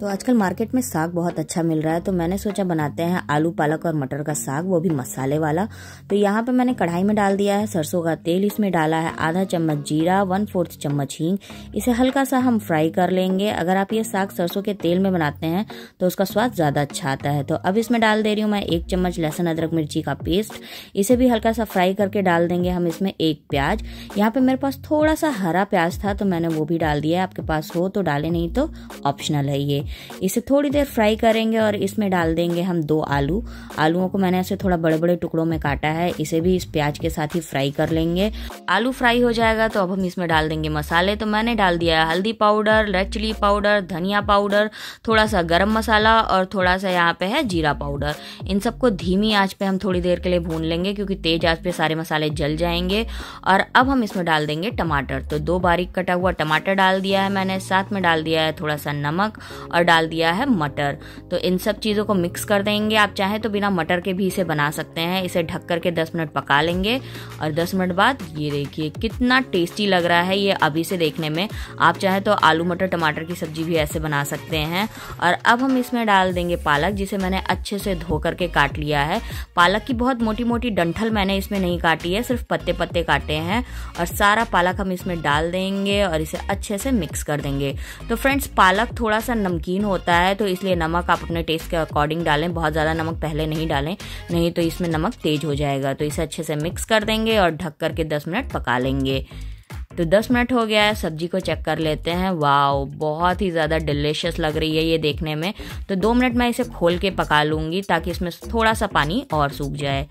तो आजकल मार्केट में साग बहुत अच्छा मिल रहा है तो मैंने सोचा बनाते हैं आलू पालक और मटर का साग वो भी मसाले वाला तो यहाँ पे मैंने कढ़ाई में डाल दिया है सरसों का तेल इसमें डाला है आधा चम्मच जीरा वन फोर्थ चम्मच हींग इसे हल्का सा हम फ्राई कर लेंगे अगर आप ये साग सरसों के तेल में बनाते हैं तो उसका स्वाद ज़्यादा अच्छा आता है तो अब इसमें डाल दे रही हूँ मैं एक चम्मच लहसुन अदरक मिर्ची का पेस्ट इसे भी हल्का सा फ्राई करके डाल देंगे हम इसमें एक प्याज यहाँ पर मेरे पास थोड़ा सा हरा प्याज था तो मैंने वो भी डाल दिया है आपके पास हो तो डाले नहीं तो ऑप्शनल है ये इसे थोड़ी देर फ्राई करेंगे और इसमें डाल देंगे हम दो आलू आलूओं को मैंने ऐसे थोड़ा बड़े बड़े टुकड़ों में काटा है इसे भी इस प्याज के साथ ही फ्राई कर लेंगे आलू फ्राई हो जाएगा तो अब हम इसमें डाल देंगे मसाले तो मैंने डाल दिया है हल्दी पाउडर रेड चिली पाउडर धनिया पाउडर थोड़ा सा गर्म मसाला और थोड़ा सा यहाँ पे है जीरा पाउडर इन सबको धीमी आँच पे हम थोड़ी देर के लिए भून लेंगे क्योंकि तेज आँच पे सारे मसाले जल जाएंगे और अब हम इसमें डाल देंगे टमाटर तो दो बारीक कटा हुआ टमाटर डाल दिया है मैंने साथ में डाल दिया है थोड़ा सा नमक और और डाल दिया है मटर तो इन सब चीज़ों को मिक्स कर देंगे आप चाहे तो बिना मटर के भी इसे बना सकते हैं इसे ढक करके दस मिनट पका लेंगे और दस मिनट बाद ये देखिए कितना टेस्टी लग रहा है ये अभी से देखने में आप चाहे तो आलू मटर टमाटर की सब्जी भी ऐसे बना सकते हैं और अब हम इसमें डाल देंगे पालक जिसे मैंने अच्छे से धो करके काट लिया है पालक की बहुत मोटी मोटी डंठल मैंने इसमें नहीं काटी है सिर्फ पत्ते पत्ते काटे हैं और सारा पालक हम इसमें डाल देंगे और इसे अच्छे से मिक्स कर देंगे तो फ्रेंड्स पालक थोड़ा सा नमकीन नमकीन होता है तो इसलिए नमक आप अपने टेस्ट के अकॉर्डिंग डालें बहुत ज़्यादा नमक पहले नहीं डालें नहीं तो इसमें नमक तेज हो जाएगा तो इसे अच्छे से मिक्स कर देंगे और ढक करके दस मिनट पका लेंगे तो 10 मिनट हो गया है सब्जी को चेक कर लेते हैं वाओ बहुत ही ज़्यादा डिलिशियस लग रही है ये देखने में तो दो मिनट मैं इसे खोल के पका लूँगी ताकि इसमें थोड़ा सा पानी और सूख जाए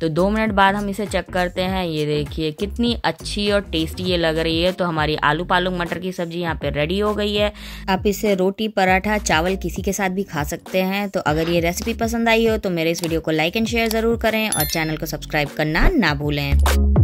तो दो मिनट बाद हम इसे चेक करते हैं ये देखिए कितनी अच्छी और टेस्टी ये लग रही है तो हमारी आलू पालक मटर की सब्जी यहाँ पर रेडी हो गई है आप इसे रोटी पराठा चावल किसी के साथ भी खा सकते हैं तो अगर ये रेसिपी पसंद आई हो तो मेरे इस वीडियो को लाइक एंड शेयर ज़रूर करें और चैनल को सब्सक्राइब करना ना भूलें